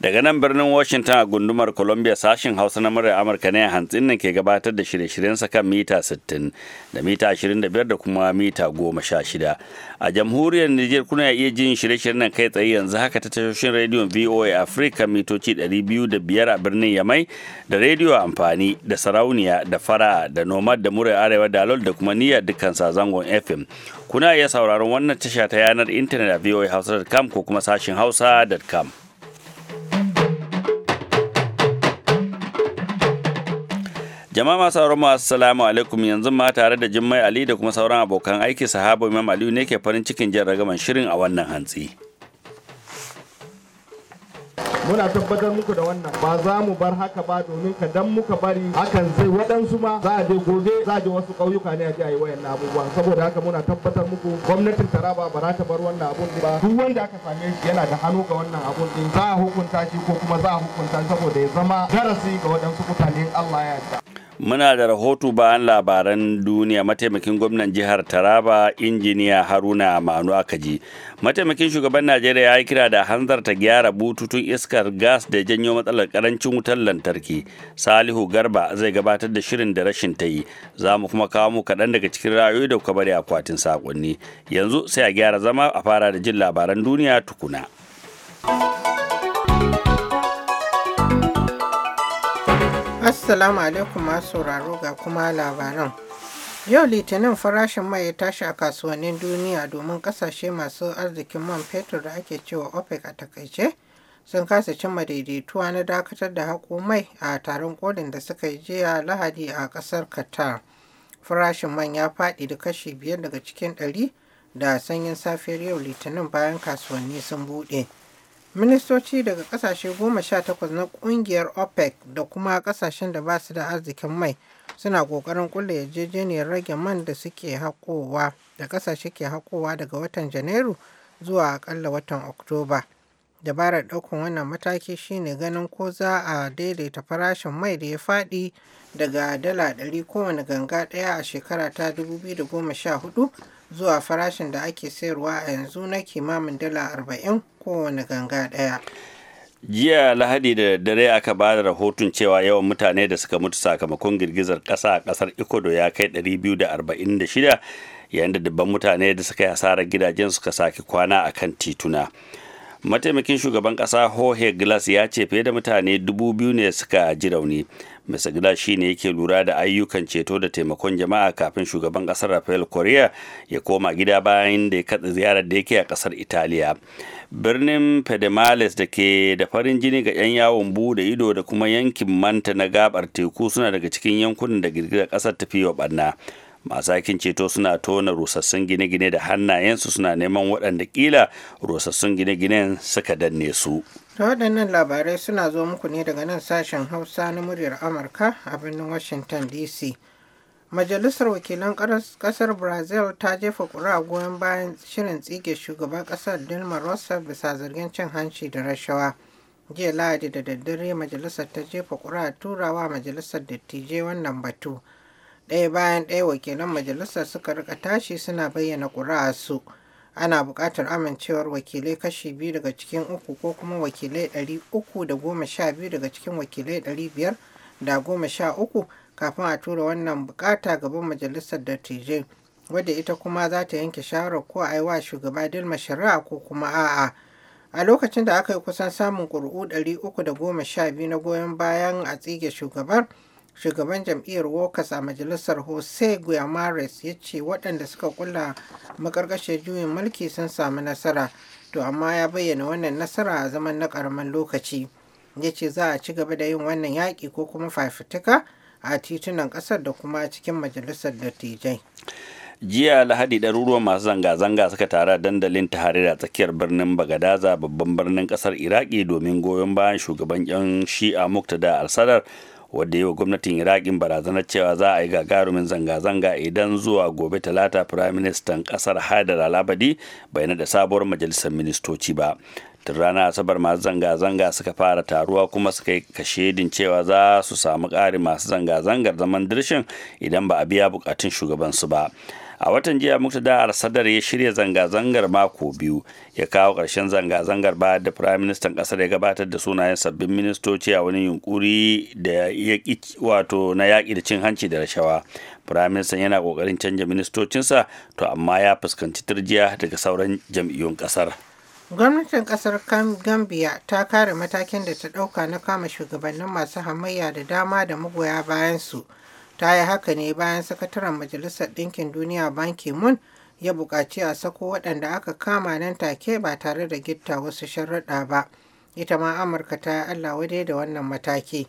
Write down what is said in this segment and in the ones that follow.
daga nan birnin washington a gundumar columbia sashen hausa na murar amurka ne a hantsin nan ke gabatar da shirye shiryen sa kan mita 60 da mita 25 da kuma mita 16 a jamhuriyar niger kuna iya jin shirye-shiryen nan kai tsaye yanzu haka ta tashoshin rediyon voa africa mitoci da biyar a birnin yamai da rediyo amfani da sarauniya da fara da nomad da murar arewa da alol da kuma niyyar dukkan zangon fm kuna iya sauraron wannan tasha ta yanar intanet a voahausa.com ko kuma sashin hausa.com Jama'a masu sauran masu salamu alaikum yanzu ma tare da Jummai Ali da kuma sauran abokan aiki sahabo Imam Aliyu ne ke farin cikin jin ragaman shirin a wannan hantsi. muna tabbatar muku da wannan ba za mu bar haka ba domin ka dan muka bari hakan zai waɗansu ma za a je gobe za a je wasu ƙauyuka ne a je a yi wayan abubuwa saboda haka muna tabbatar muku gwamnatin taraba ba za ta bar wannan abun ba duk wanda aka same shi yana da hannu ga wannan abun din za a hukunta shi ko kuma za a hukunta saboda ya zama darasi ga waɗansu mutane Allah ya yarda Muna da rahoto bayan labaran duniya mataimakin gwamnan jihar Taraba injiniya Haruna Manu Akaji. Mataimakin shugaban Najeriya ya yi kira da hanzarta gyara bututun iskar gas da janyo matsalar karancin wutar lantarki. Salihu Garba zai gabatar da shirin da rashin ta yi. Za mu kuma kawo mu kaɗan daga cikin rayoyi da kuka bari akwatin sakonni. Yanzu sai a gyara zama a fara da jin labaran duniya tukuna. Assalamu alaikum masu sauraro ga kuma labaran. Yau Litinin farashin mai ya tashi a kasuwannin duniya domin kasashe masu arzikin man fetur da ake cewa OPEC a takaice sun kasa cimma daidaituwa na dakatar da haƙo mai a taron kolin da suka yi jiya lahadi a ƙasar Qatar. Farashin man ya faɗi da kashi biyar daga cikin ɗari da sanyin safiyar yau Litinin bayan kasuwanni sun buɗe. ministoci daga kasashe goma sha takwas na kungiyar opec da kuma kasashen da ba su da arzikin mai suna kokarin kulle yarjejeniyar rage man da suke hakowa da kasashe ke hakowa daga watan janairu zuwa akalla watan oktoba dabarar ɗaukar wannan mataki shine ganin ko za a daidaita farashin mai da ya faɗi daga dala ɗari kowane ganga ɗaya a shekara ta 2014 zuwa farashin da ake sayarwa a yanzu na kimamin dala arba'in kowane ganga ɗaya. jiya lahadi da dare aka ba da rahoton cewa yawan mutane da suka mutu sakamakon girgizar kasa a kasar ecuador ya kai 246 yayin da dubban mutane da suka yi hasarar gidajen suka sake kwana a kan tituna. mataimakin shugaban kasa jorge glass ya ce fiye da mutane dubu biyu ne suka ji rauni mr glass shine yake lura da ayyukan ceto da taimakon jama'a kafin shugaban kasar rafael korea ya koma gida bayan da ya katsa ziyarar da yake a kasar italiya birnin pedemales da ke da farin jini ga 'yan yawon bude ido da kuma yankin manta na gabar teku suna daga cikin yankunan da girgizar kasar ta fi wa barna masu aikin ceto suna tona rusassun gine-gine da hannayensu suna neman waɗanda ƙila rusassun gine gine suka danne su ta waɗannan labarai suna zo muku ne daga nan sashen hausa na muryar amurka a birnin washington dc majalisar wakilan ƙasar brazil ta jefa ƙuri'a goyon bayan shirin tsige shugaban ƙasar dilma rousseff bisa zargin cin hanci da rashawa jiya lahadi da daddare majalisar ta jefa ƙuri'a turawa majalisar dattijai wannan batu ɗaya bayan ɗaya wakilan majalisar suka rika tashi suna bayyana su. ana buƙatar amincewar wakilai kashi biyu daga cikin uku ko kuma wakilai ɗari uku da goma sha biyu daga cikin wakilai ɗari biyar da goma sha uku kafin a tura wannan buƙata gaban majalisar dattijai wadda ita kuma za ta yanke shawarar ko a yi wa shugaba Dilma Shari'a ko kuma a'a. A lokacin da aka yi kusan samun ƙuri'u ɗari uku da goma sha biyu na goyon bayan a tsige shugabar, shugaban jam'iyyar wokas a majalisar Jose guiamares ya ce waɗanda suka kula makarkashin juyin mulki sun samu nasara, to amma ya bayyana wannan nasara a zaman na ƙaramin lokaci. Ya ce za a ci gaba da yin wannan yaƙi ko kuma fafutuka a titunan ƙasar da kuma cikin majalisar dattijai. jiya lahadi ɗaruruwan masu zanga-zanga suka tara dandalin tahrir a tsakiyar birnin bagadaza babban birnin ƙasar iraki domin goyon bayan shugaban yan shi'a muktada al-sadar wadda yi wa gwamnatin irakin barazanar cewa za a yi gagarumin zanga-zanga idan zuwa gobe talata firaministan kasar haidar alabadi bai da sabuwar majalisar ministoci ba tun rana asabar masu zanga-zanga suka fara taruwa kuma suka yi kashedin cewa za su samu ƙari masu zanga-zangar zaman dirshin idan ba a biya bukatun shugabansu ba a watan jiya muka da sadar ya shirya zanga-zangar mako biyu ya kawo ƙarshen zanga-zangar bayan da firayim ministan ƙasar ya gabatar da sunayen sabbin ministoci a wani yunkuri da ya wato na yaƙi da cin hanci da rashawa prime minister yana ƙoƙarin canja ministocinsa to amma ya fuskanci turjiya daga sauran jam'iyyun ƙasar gwamnatin kasar gambia ta kare matakin da ta ɗauka na kama shugabannin masu hamayya da dama da magoya bayansu su ta yi haka ne bayan sakataren majalisar ɗinkin duniya ban Mun ya buƙaci a sako waɗanda aka kama nan take ba tare da gitta wasu sharaɗa ba ita ma amurka ta yi allah wadai da wannan mataki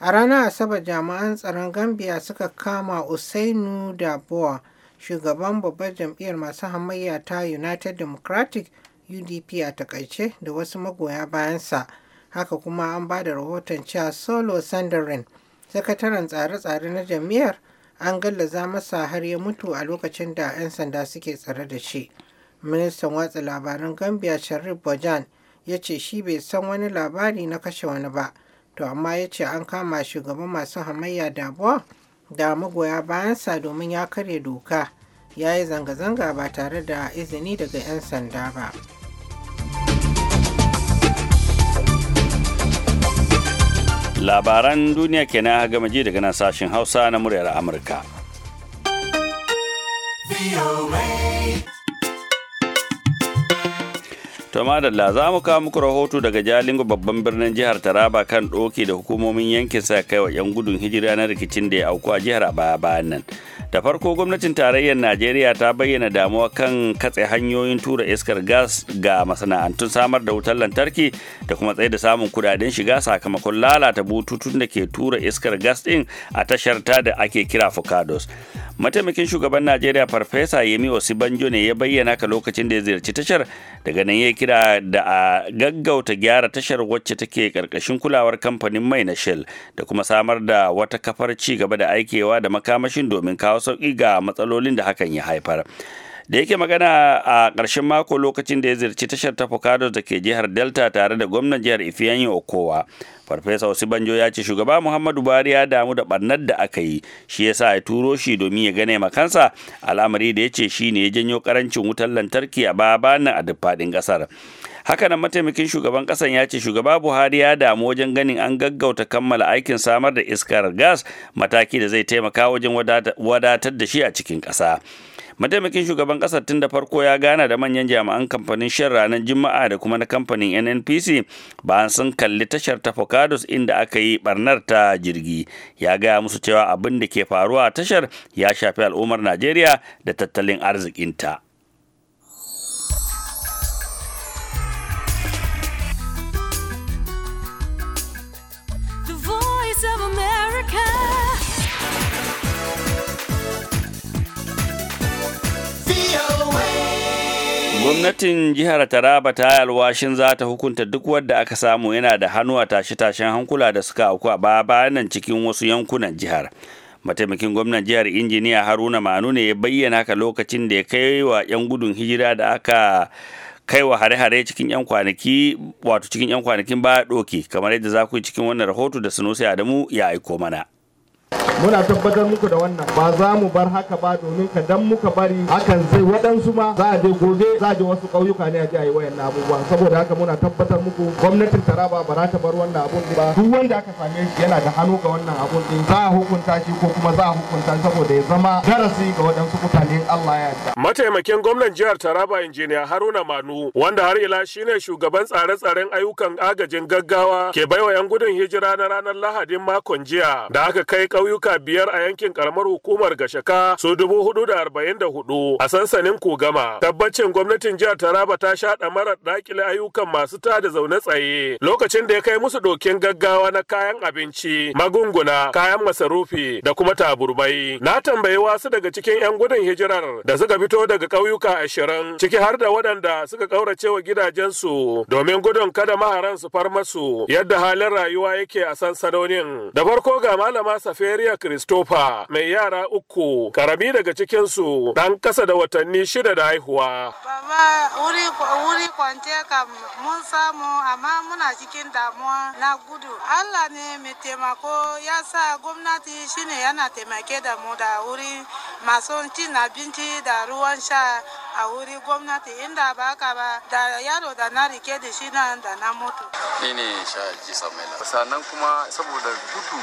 a ranar asabar jami'an tsaron gambia suka kama usainu bua shugaban babbar jam'iyyar masu hamayya ta united democratic udp a takaice da wasu magoya bayansa haka kuma an ba da rahoton cewa solo sandarin sakataren tsare-tsare na jam'iyyar an gallaza masa har ya mutu a lokacin da 'yan sanda suke tsare da shi ministan watsa labaran gambia sharif bojan ya ce shi bai san wani labari na kashe wani ba to amma ya ce an kama shugaban masu hamayya dabuwa da magoya bayansa domin ya karya doka ya yi zanga-zanga ba tare da izini daga 'yan sanda ba. labaran duniya kenan gama ji daga nan sashen hausa na muryar amurka la za mu kawo muku rahoto daga Jalingo babban birnin jihar Taraba kan ɗoki da hukumomin yankin sa kai wa 'yan gudun hijira na rikicin da ya auku a jihar a baya bayan nan. da farko gwamnatin tarayyar najeriya ta bayyana damuwa kan katse hanyoyin tura iskar gas ga masana'antun samar da wutar lantarki da kuma tsaye da samun kudaden shiga sakamakon lalata bututun da ke tura iskar gas din a tashar ta da ake kira fukados mataimakin shugaban najeriya farfesa yemi osibanjo ne ya bayyana ka lokacin da ya ziyarci tashar daga nan ya kira da a gaggauta gyara tashar wacce take karkashin kulawar kamfanin mai na shell da kuma samar da wata kafar ci gaba da aikewa da makamashin domin kawo sauƙi ga matsalolin da hakan ya haifar da yake magana a ƙarshen mako lokacin da ya zirci tashar ta da ke jihar delta tare da gwamnan jihar ifiyanyi okowa farfesa osibanjo ya ce shugaba muhammadu buhari ya damu da barnar da aka yi shi ya sa ya turo shi domin ya gane makansa al'amari da ya ce shi ne ya janyo karancin wutar lantarki a a duk ƙasar hakanan mataimakin shugaban kasan ya ce shugaba buhari ya damu wajen ganin an gaggauta kammala aikin samar da iskar gas mataki da zai taimaka wajen wadatar da shi a cikin ƙasa mataimakin shugaban ƙasar tun da farko ya gana da manyan jami'an kamfanin shan ranar juma'a da kuma na kamfanin nnpc bayan sun kalli tashar ta focados inda aka yi barnar ta jirgi ya gaya musu cewa abin da ke faruwa a tashar ya shafi al'ummar najeriya da tattalin arzikinta. Gwamnatin jihar Taraba ta yi alwashin za ta hukunta duk wadda aka samu yana da hannu a tashe-tashen hankula da suka auku a baya cikin wasu yankunan jihar. mataimakin gwamnan jihar injiniya haruna manu ne ya bayyana haka lokacin da ya kai wa 'yan gudun hijira da aka kai wa hare-hare cikin 'yan kwanaki wato cikin 'yan kwanakin ba doke kamar yadda za ku yi cikin wannan rahoto da sunusi adamu ya aiko mana muna tabbatar muku da wannan ba za mu bar haka ba domin ka dan muka bari hakan sai waɗansu ma za a je gobe za a je wasu ƙauyuka ne a je a yi wayan abubuwa saboda haka muna tabbatar muku gwamnatin taraba ba za ta bar wannan abun ba duk wanda aka same shi yana da hannu ga wannan abun din za a hukunta shi ko kuma za a hukunta saboda ya zama darasi ga waɗansu mutane Allah ya yarda mataimakin gwamnan jihar taraba injiniya haruna manu wanda har ila shine shugaban tsare-tsaren ayyukan agajin gaggawa ke baiwa 'yan gudun hijira na ranar lahadin makon jiya da aka kai ƙauyuka ƙauyuka biyar a yankin karamar hukumar Gashaka su dubu hudu da arba'in da hudu a sansanin Kogama. Tabbacin gwamnatin jihar Taraba ta sha marar dakile ayyukan masu tada zaune tsaye lokacin da ya kai musu dokin gaggawa na kayan abinci, magunguna, kayan masarufi da kuma taburmai. Na tambayi wasu daga cikin 'yan gudun hijirar da suka fito daga ƙauyuka ashirin ciki har da waɗanda suka ƙaurace wa gidajensu domin gudun kada maharan su far masu yadda halin rayuwa yake a sansanonin. Da farko ga malama Saferiya Maria Christopher mai yara uku, karami daga cikinsu dan kasa da watanni shida da haihuwa. Baba wuri, wuri kwance kam mun samu amma muna cikin damuwa na gudu. Allah ne mai taimako ya sa gwamnati shine yana taimake da mu da wuri masu cin abinci da ruwan sha a wuri gwamnati inda ba ka ba da yaro da na rike da shi nan da na mutu. Ni ne sha ji saboda gudu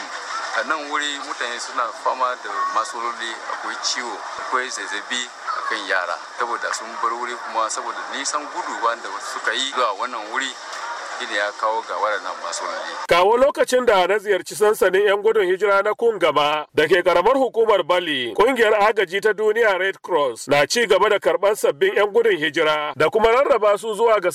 a nan wuri mutane suna fama da matsaloli akwai ciwo akwai zazzabi akan yara saboda sun bar wuri kuma saboda nisan gudu wanda suka yi zuwa wannan wuri shine ya kawo ga waɗannan matsaloli. Kawo lokacin da na ziyarci sansanin 'yan gudun hijira na gaba da ke karamar hukumar Bali, ƙungiyar agaji ta duniya Red Cross na ci gaba da karɓar sabbin 'yan gudun hijira da kuma rarraba su zuwa ga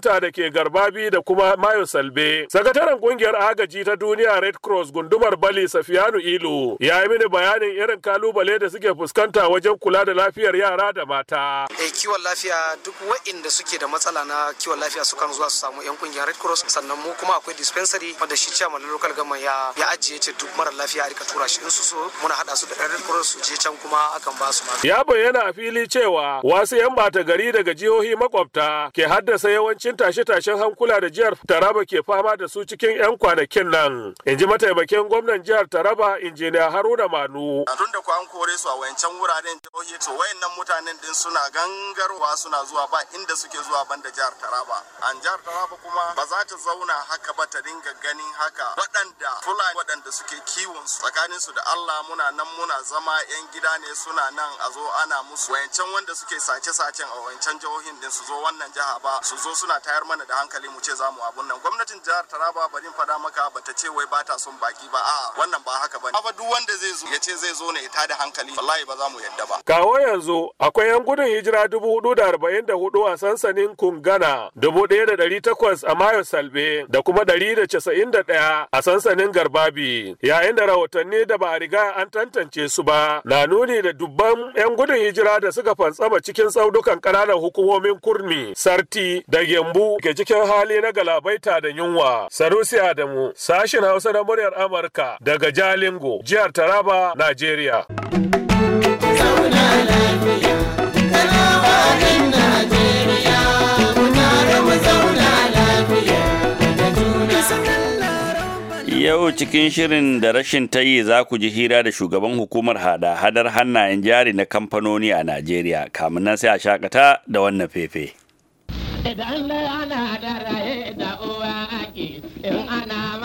ta da ke garba Garbabi da kuma Mayo Salbe. Sakataren ƙungiyar agaji ta duniya Red Cross gundumar Bali Safiyanu Ilu ya yi mini bayanin irin kalubale da suke fuskanta wajen kula da lafiyar yara da mata. Eh, kiwon lafiya duk wa'inda suke da matsala na kiwon lafiya sukan zuwa su samu 'yan kungiyar red cross sannan mu kuma akwai dispensary wanda shi chairman na local gama ya ya ajiye ce duk mara lafiya a rika tura shi in su so muna hada su da red cross su je can kuma akan ba su magani ya bayyana a fili cewa wasu yan bata gari daga jihohi makwabta ke haddasa yawancin tashe-tashen hankula da jihar Taraba ke fama da su cikin yan kwanakin nan in ji mataimakin gwamnan jihar Taraba injiniya Haruna Manu tun da ku an kore su a wayancan wuraren jihohi to wayannan mutanen din suna gangarwa suna zuwa ba inda suke zuwa banda jihar Taraba an jihar Taraba kuma ba za ta zauna haka ba ta dinga ganin haka waɗanda fulani waɗanda suke kiwon su tsakanin su da Allah muna nan muna zama yan gida ne suna nan a zo ana musu wayancan wanda suke sace-sacen a wayancan jihohin din su zo wannan jiha ba su zo suna tayar mana da hankali mu ce za mu abun nan gwamnatin jihar Taraba bari fada maka ba ta ce wai ba ta son baki ba a wannan ba haka bane ba duk wanda zai zo ya ce zai zo ne ya tada hankali wallahi ba za mu yadda ba kawo yanzu akwai yan gudun hijira dubu a sansanin Kungana 1800 a Amayo Salbe da kuma 191 a sansanin Garbabi yayin da rahotanni da ba a riga an tantance su ba na nuni da dubban 'yan gudun hijira da suka fantsama cikin tsaudukan ƙananan hukumomin kurmi sarti da gyambu ke cikin hali na galabaita da yunwa sanusi adamu sashin hausa na muryar amurka daga jalingo jihar taraba najeriya lafiya. Yau cikin shirin da rashin ta yi za ku ji hira da shugaban hukumar hada hadar hannayen jari na kamfanoni a Najeriya kamun nan sai a shakata da wannan fefe. Idan ana da uwa ake in ana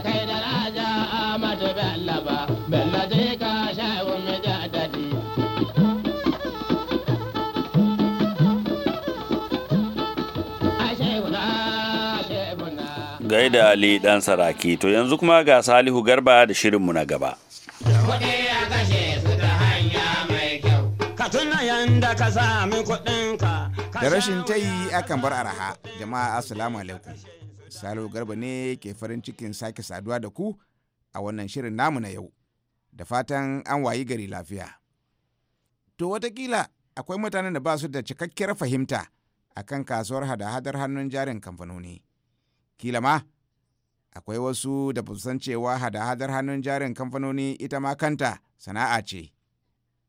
gai da Bello Ali ɗan saraki, to yanzu kuma ga Salihu Garba da shirinmu na gaba. Kuɗi ya ta hanya ka tuna yanda ka sami kuɗinka. Da rashin tayi akan bar araha, jama'a Assalamu alaikum. Salo Garba ne ke farin cikin sake saduwa da ku a wannan shirin namu na yau, da fatan an wayi gari lafiya. To watakila akwai mutanen da ba su da cikakkiyar fahimta a kan kasuwar hada-hadar hannun jarin kamfanoni. Kila ma, akwai wasu da san cewa hada-hadar hannun jarin kamfanoni ita ma kanta sana'a ce.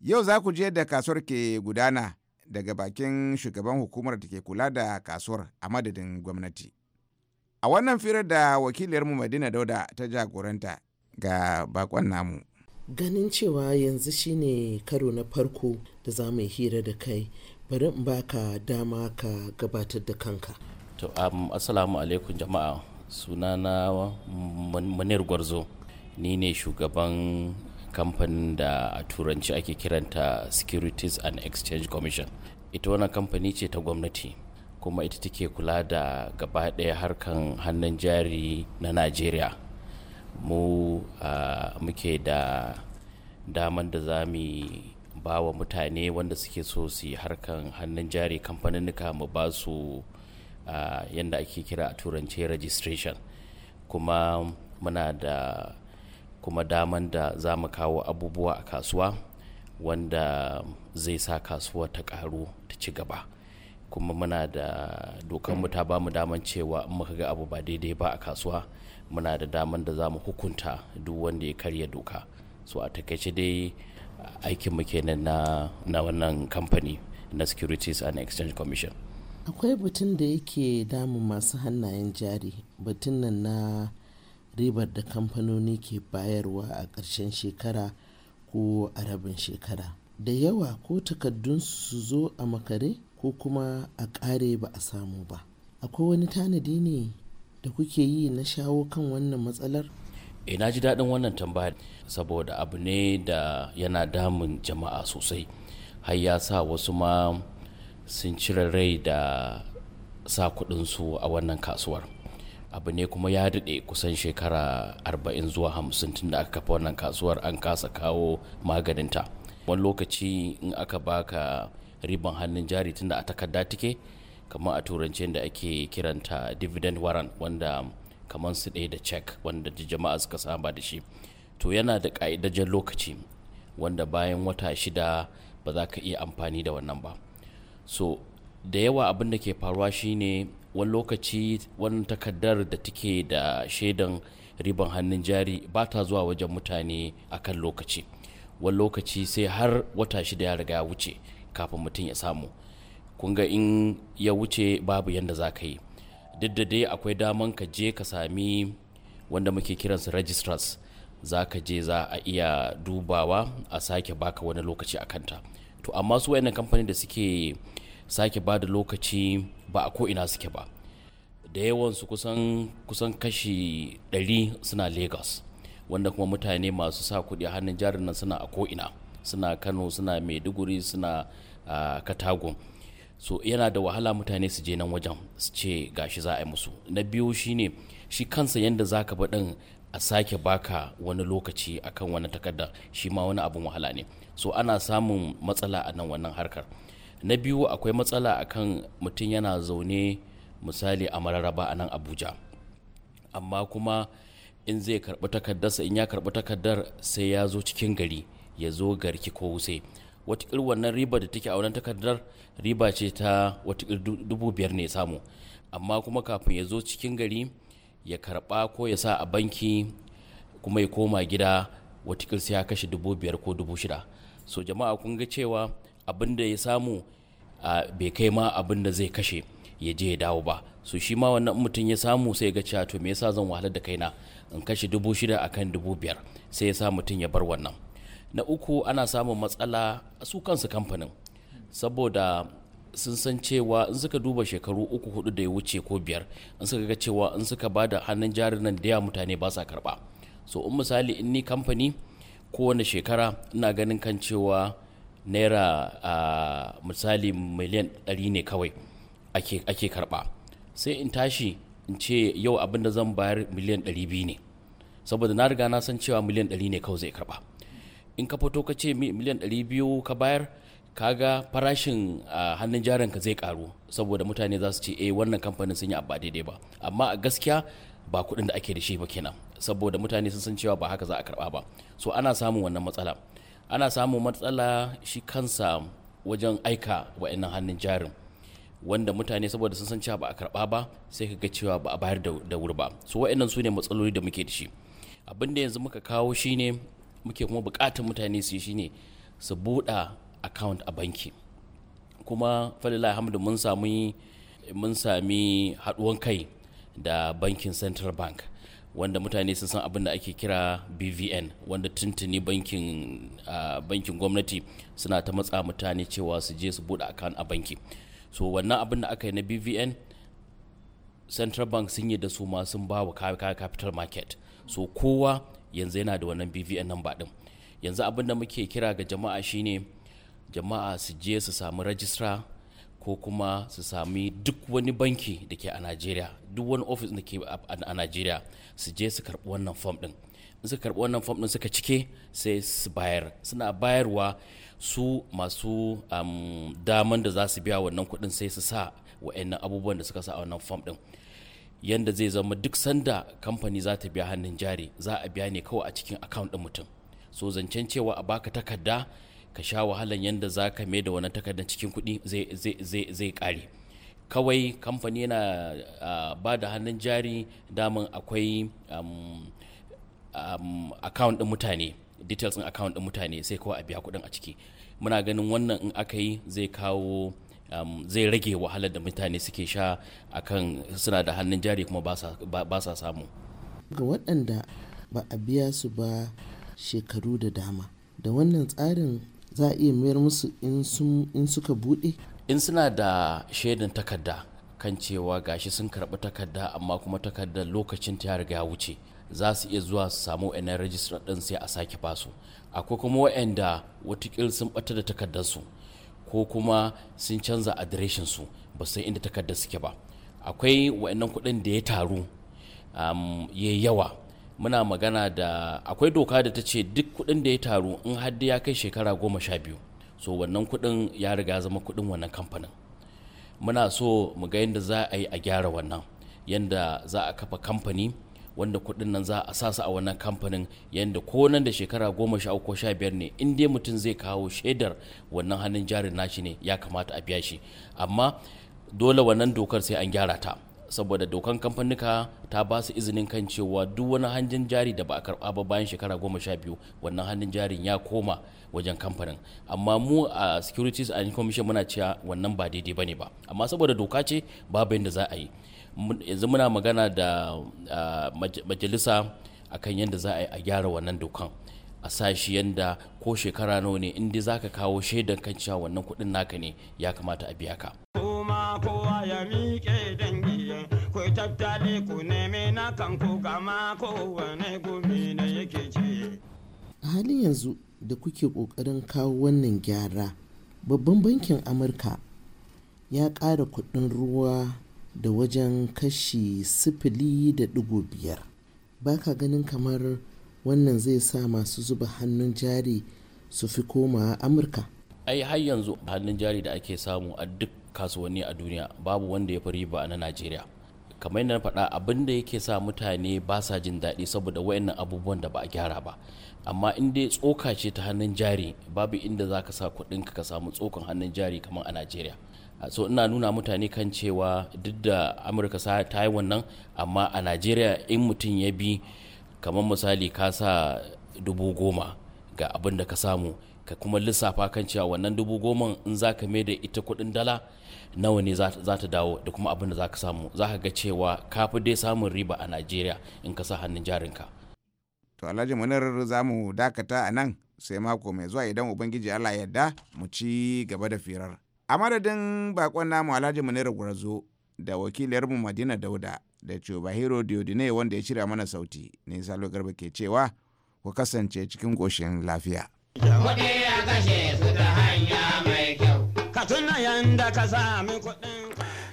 Yau za ku je da kasuwar ke gudana daga bakin shugaban hukumar da ke kula da kasuwar a madadin gwamnati. a wannan firar da wakiliyarmu madina dauda ta jagoranta ga bakon namu ganin cewa yanzu shine karo na farko da za mu hira da kai bari in baka dama ka gabatar da kanka to um, assalamu alaikum jama'a sunana munir gwarzo ni ne shugaban kamfanin da a turanci ake kiranta securities and exchange commission ita wannan kamfani ce ta gwamnati kuma ita take kula da gaba ɗaya harkan hannun jari na najeriya mu muke da daman da za mu ba wa mutane wanda suke so su harkan hannun jari kamfaninnika mu ba su yadda ake kira a turance registration kuma muna da kuma daman da za mu kawo abubuwa a kasuwa wanda zai sa kasuwa ta karu ta ci gaba kuma muna da dokar mu ta ba mu daman cewa in muka ga abu ba daidai ba a kasuwa muna da daman da za mu hukunta duk wanda ya karya doka so a takaice dai aikin kenan na na wannan kamfani na securities and exchange commission akwai batun da yake damun masu hannayen jari batun nan na ribar da kamfanoni ke bayarwa a ƙarshen shekara ko a rabin shekara da yawa ko takardun su zo a makare ko kuma a ƙare ba a samu ba akwai wani tanadi ne da kuke yi na shawo kan wannan matsalar e na ji daɗin wannan tambaya saboda abu ne da yana damun jama'a sosai har ya sa wasu ma sun cire rai da sa kuɗinsu a wannan kasuwar abu ne kuma ya daɗe kusan shekara arba'in zuwa hamsin tun da aka kafa wannan kasuwar an kasa kawo maganinta wani lokaci in aka baka riban hannun jari tunda a takarda take kamar a turance da ake kiranta dividend warrant wanda kamar su ɗaya da check wanda jama'a suka saba da shi to yana da ƙa'idajen lokaci wanda bayan wata shida ba za ka iya amfani da wannan ba so da yawa abin da ke faruwa shine wani lokaci wani takardar da take da shaidan riban hannun jari ba ta zuwa wajen mutane akan lokaci wani lokaci sai har wata shida ya riga ya wuce kafin mutum ya samu kun ga in ya wuce babu yadda za ka yi duk da dai akwai daman ka je ka sami wanda muke kiransu registrars za ka je za a iya dubawa a sake baka wani lokaci a kanta to amma su wayannan kamfanin da suke sake ba da lokaci ba a ko'ina suke ba da yawansu kusan kusan kashi 100 suna lagos wanda kuma mutane masu sa kuɗi a hannun jarin nan suna a ko'ina suna kano suna maiduguri suna katago so yana da wahala mutane su je nan wajen su ce gashi za a yi musu na biyu shine shi kansa yadda za ka baɗin a sake baka wani lokaci akan wani takardar shi ma wani abin wahala ne so ana samun matsala a nan wannan harkar na biyu akwai matsala akan mutum yana zaune misali a mararaba a nan abuja amma kuma in zai karɓi takardarsa in ya karɓi takardar sai ya zo cikin gari ya zo garki ko wuse watakil wannan riba da take a wannan takardar riba ce ta watakil dubu biyar ne samu amma kuma kafin ya zo cikin gari ya karba ko ya sa a banki kuma ya koma gida watakil sai ya kashe dubu biyar ko dubu shida so jama'a kun ga cewa abin da ya samu bai kai ma abin da zai kashe ya je ya dawo ba so shi ma wannan mutum ya samu sai ga cewa to me yasa zan wahalar da kaina in kashe dubu shida akan dubu biyar sai ya sa mutum ya bar wannan na uku ana samun matsala a su kansu kamfanin saboda sun san cewa in suka duba shekaru uku hudu da ya wuce ko biyar in suka ga cewa in suka ba da hannun jarin nan da yawa mutane ba sa karba so in misali in ni kamfani kowane shekara ina ganin kan cewa naira misali miliyan ɗari ne kawai ake, ake karba sai in tashi in ce yau abin da zan bayar miliyan ɗari biyu ne saboda na riga na san cewa miliyan ɗari ne kawai zai karba in ka fito ka ce miliyan 200 ka bayar kaga farashin hannun jarin ka zai karu saboda mutane za su ce eh wannan kamfanin sun yi abba daidai ba amma a gaskiya ba kuɗin da ake da shi ba kenan saboda mutane sun san cewa ba haka za a karba ba so ana samun wannan matsala ana samun matsala shi kansa wajen aika wa'annan hannun jarin wanda mutane saboda sun san cewa ba a karba ba sai ka ga cewa ba a bayar da wuri ba so wa'annan su ne matsaloli da muke da shi abinda yanzu muka kawo shine muke kuma bukatar mutane su yi shine su buɗa account a banki kuma falila hamdu mun sami mun sami haɗuwan kai da bankin central bank wanda mutane sun san abin da ake kira bvn wanda tuntuni bankin bankin gwamnati suna ta matsa mutane cewa su je su buɗe account a banki so wannan abin da aka yi na bvn central bank sun yi da su ma sun ba wa capital market so kowa yanzu yana da wannan bvn number din yanzu abin da muke kira ga jama'a shine jama'a su je su sami rajistra ko kuma su sami duk wani banki da ke a najeriya duk wani ofis da ke a najeriya su je su karɓi wannan fom din in suka karɓi wannan fom din suka cike sai su bayar suna bayarwa su masu um, daman da za su biya wannan kuɗin sai su sa wa'annan abubuwan da suka sa a wannan fom din. yanda zai zama duk sanda kamfani za ta biya hannun jari za a biya ne kawai a cikin account ɗin mutum so zancen cewa a baka takarda ka sha wahalan yanda za ka mai da wani takardar cikin kuɗi zai kare kawai kamfani yana ba da hannun jari daman akwai akawun account ɗin mutane details ɗin account ɗin mutane sai kawai a biya kuɗin a ciki muna ganin wannan in aka yi zai kawo Um, zai rage wahalar da mutane suke sha akan suna da hannun jari kuma ba sa samu ga waɗanda ba a biya su ba shekaru da dama da wannan tsarin za a iya mayar musu in suka buɗe in suna da shaidan takarda kan cewa gashi sun karɓi takarda amma kuma takarda lokacin ta riga ya wuce za su iya zuwa su samu yanar rajistar ɗin sai a sake basu akwai kuma waɗanda watakil sun ɓata da takardarsu ko kuma sun canza adireshin su ba sai inda takardar suke ba akwai wa'annan kuɗin da ya taru um, ya yawa muna magana da akwai doka da ta ce duk kuɗin da ya taru in haddi ya kai shekara goma sha biyu so wannan kuɗin ya riga zama kuɗin wannan kamfanin muna so mu ga yadda za a yi a gyara wannan yadda za a kafa kamfani wanda kuɗin nan za a sa a wannan kamfanin yadda ko nan da shekara goma sha uku sha biyar ne in dai mutum zai kawo shaidar wannan hannun jarin nashi ne ya kamata a biya shi amma dole wannan dokar sai an gyara ta saboda dokan kamfanika ta ba su izinin kan cewa duk wani hannun jari da ba a karba ba bayan shekara goma sha biyu wannan hannun jarin ya koma wajen kamfanin amma mu a securities and commission muna cewa wannan ba daidai ba ne ba amma saboda doka ce babu yadda za a yi yanzu muna magana da majalisa akan yadda za a yi a gyara wannan dokan a sa yadda ko shekara nawa ne inda za ka kawo shaidan kan cewa wannan kuɗin naka ne ya kamata a biya ka. miƙe dangi a halin yanzu da kuke ƙoƙarin kawo wannan gyara babban bankin amurka ya ƙara kuɗin ruwa da wajen kashi sifili da ɗigo biyar ba ka ganin kamar wannan zai sa masu zuba hannun jari su fi koma amurka ai har yanzu hannun jari da ake samu a duk kasuwanni a duniya babu wanda ya fi riba na najeriya kamar yadda na faɗa abin da yake sa mutane ba sa jin daɗi saboda wayannan abubuwan da ba a gyara ba amma in dai tsoka ce ta hannun jari babu inda za ka sa kuɗinka ka samu tsokan hannun jari kamar a najeriya Ah, so ina nuna mutane kan cewa duk da amurka ta yi wannan amma a najeriya in mutum ya bi kamar misali ka sa dubu goma ga abin da ka samu ka kuma lissafa kan cewa wannan dubu goma in za ka da ita kudin dala nawa ne za ta dawo da kuma abin da za ka samu za ka ga cewa ka fi dai samun riba a najeriya in ka sa hannun jarinka to alhaji munar za mu dakata a nan sai mako mai zuwa idan ubangiji allah yadda mu ci gaba da firar a madadin bakon namu alhaji munira gwarzo da wakilarmu madina dauda da cobahiro diodine wanda ya shirya mana sauti ne salo garba ke cewa ku kasance cikin goshin lafiya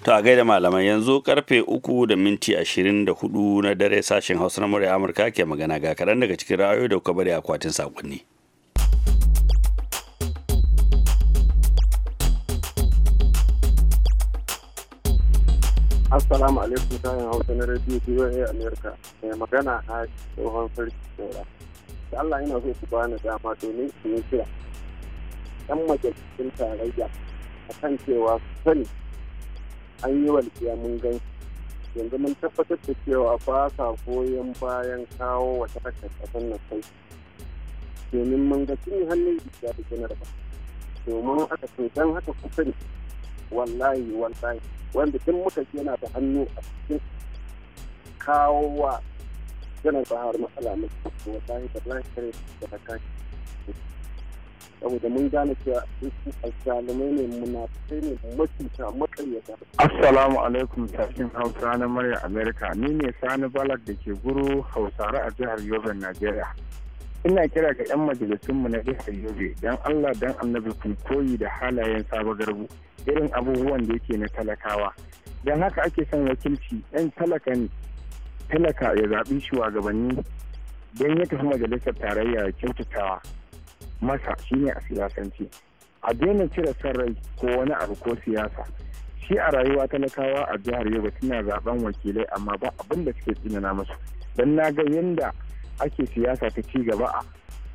to a gaida malaman yanzu karfe uku da minti ashirin da hudu na dare sashen hausa na murya amurka ke magana ga kaɗan daga cikin rayu da kuka bari akwatin sakonni Assalamu alaikum sayan Hausa na Radio BOA Amerika Mai magana a tsohon sarki saura. Da Allah yana so su bani dama domin su yi kira. Ɗan majalisun tarayya a kan cewa sani an yi walƙiya mun gan yanzu mun tabbatar da cewa ba sa goyon bayan kawo wata harkar ƙasar na kai domin mun ga cikin hannun da ta janar ba domin aka ce don haka kusa ne wallahi wallahi wanda duk muka yana da hannu a cikin kawo wa da bahar matsala mai wallahi da lafiya da ta kashi saboda mun gane cewa azzalumai ne munafai ne mafita makaryata. Assalamu alaikum sashen Hausa na murya Amerika ni ne Sani Balak da ke guru Hausare a jihar Yobe Najeriya. Ina kira ga 'yan majalisunmu na jihar Yobe don Allah don annabi ku koyi da halayen sabon garbu. irin abubuwan da yake na talakawa don haka ake son wakilci yan talaka ne talaka ya zaɓi shugabanni don ya tafi majalisar tarayya da kyautatawa masa shine a siyasance a daina cire son rai ko wani abu ko siyasa shi a rayuwa talakawa a jihar yobe tana zaben wakilai amma ba abin da suke tsinana masu don na ga yadda ake siyasa ta ci gaba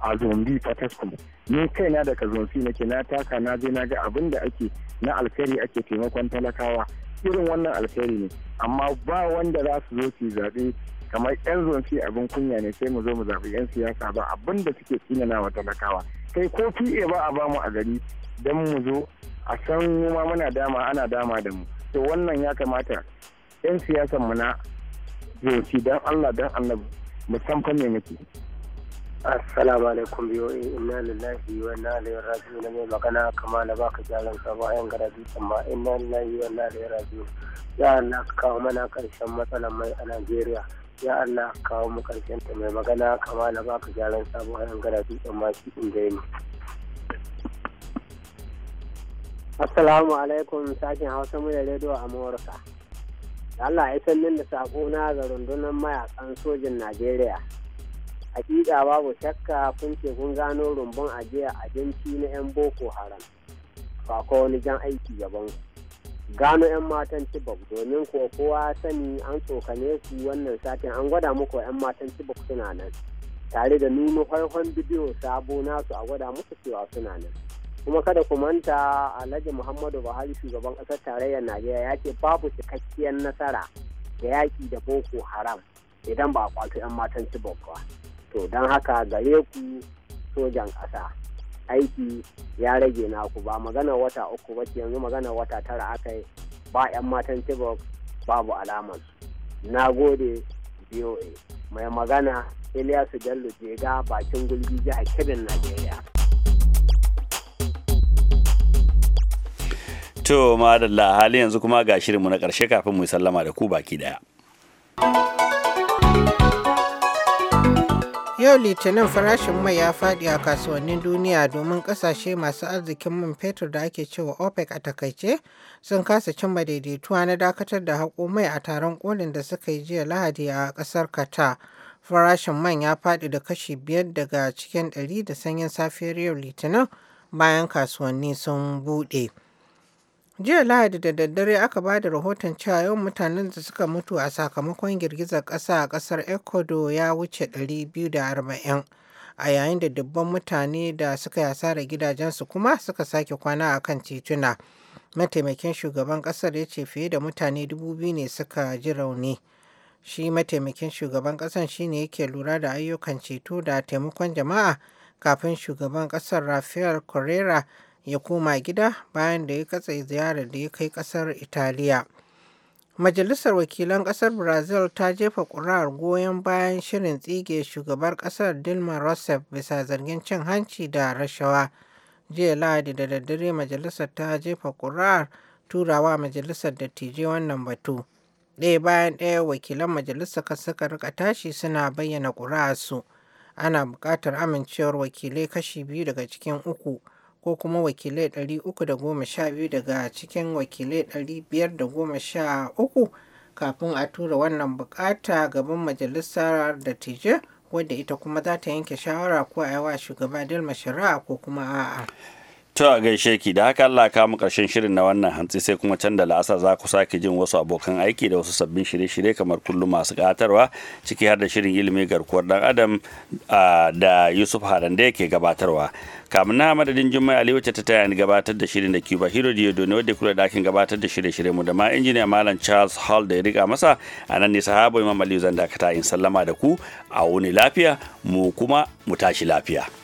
a zombi fataskum ni kaina da kazonsi nake na taka na je na ga abin da ake na alkhairi ake taimakon talakawa irin wannan alkhairi ne amma ba wanda za su zo su zaɓe kamar yan zonsi abin kunya ne sai mu zo mu zaɓi yan siyasa ba abin da suke tsinana wa talakawa kai ko fiye ba a bamu a gari don mu zo a san noma ma muna dama ana dama da mu to wannan ya kamata yan siyasan mu na zonsi don allah don annabi mu san fa muke assalamu alaikum biyo inna lillahi wa inna ilaihi raji'un mai magana kama da baka jaran sa bayan gara amma inna lillahi wa inna ilaihi raji'un ya Allah ka kawo mana karshen matsalar mai a Najeriya ya Allah ka kawo mu karshen ta mai magana kama da baka jaran sa bayan gara amma ma shi inda yake assalamu alaikum sakin hausa mu da a amurka Allah ya sanin da sako na ga rundunar mayakan sojin Najeriya hakika babu shakka kun ce kun gano rumbun ajiya a abinci na 'yan boko haram ba ko wani jan aiki gaban gano 'yan matan tibok domin ko kowa sani an tsokane su wannan satin an gwada muku 'yan matan tibok suna nan tare da nuna farkon bidiyo sabo nasu a gwada musu cewa suna nan kuma kada ku manta alhaji muhammadu buhari shugaban ƙasar tarayyar najeriya ya ce babu cikakkiyar nasara da yaƙi da boko haram idan ba a kwato 'yan matan tibok ba to don haka gare ku sojan ƙasa aiki ya rage naku ba magana wata uku ba yanzu magana wata tara aka yi ba 'yan matan tibok babu alaman na gode voa mai magana Ilyasu Bello Jega bakin gulbi jihar kebin Najeriya. To madalla hali yanzu kuma ga shirinmu na ƙarshe kafin mu sallama da ku baki daya. Yau Litinin farashin mai ya faɗi a kasuwannin duniya domin ƙasashe masu arzikin man fetur da ake cewa OPEC a takaice sun kasa cin daidaituwa na dakatar da haƙo mai a taron kolin da suka yi jiya Lahadi a ƙasar Qatar. Farashin man ya faɗi da kashi biyar daga cikin ɗari da sanyin safiyar yau Litinin bayan kasuwanni sun buɗe. jiya lahadi da daddare aka ba da rahoton cewa yawan mutanen da suka mutu a sakamakon girgizar ƙasa a ƙasar ecuador ya wuce 240 a yayin da dubban mutane da suka yi asarar gidajensu kuma suka sake kwana a kan tituna mataimakin shugaban ƙasar ya ce fiye da mutane dubu biyu ne suka ji rauni shi mataimakin shugaban ƙasar shine yake lura da ayyukan ceto da taimakon jama'a kafin shugaban ƙasar rafael correra ya koma gida bayan da ya katse ziyarar da ya kai kasar Italiya. Majalisar Wakilan Kasar Brazil ta jefa ƙuri'ar goyon bayan shirin tsige shugabar kasar Dilma Rousseff bisa zargin cin hanci da rashawa. Jiya Lahadi da daddare majalisar ta jefa ƙuri'ar turawa majalisar dattijai wannan batu. ɗaya bayan ɗaya wakilan majalisar ka suka rika tashi suna bayyana su ana buƙatar amincewar wakilai kashi biyu daga cikin uku ko kuma wakilai ɗari uku da goma sha biyu daga cikin wakilai ɗari biyar da goma sha uku kafin a tura wannan bukata gaban majalisar dattijai wadda ita kuma za ta yanke shawara ko a yawa shugaba Dilma Shari'a ko kuma a'a. To a gaishe ki da haka Allah ka mu karshen shirin na wannan hantsi sai kuma can da la'asa za ku sake jin wasu abokan aiki da wasu sabbin shirye-shirye kamar kullum masu gatarwa ciki har da shirin ilimi garkuwar dan adam da Yusuf Haran da yake gabatarwa. Kamun na madadin Jummai Ali wacce ta taya ni gabatar da shirin da Cuba Hero Diodo ne wadda kula da akin gabatar da shirye-shirye mu da ma injiniya Malam Charles Hall da ya riga masa a nan ne sahabo Imam Aliyu zan dakata in sallama da ku a wuni lafiya mu kuma mu tashi lafiya.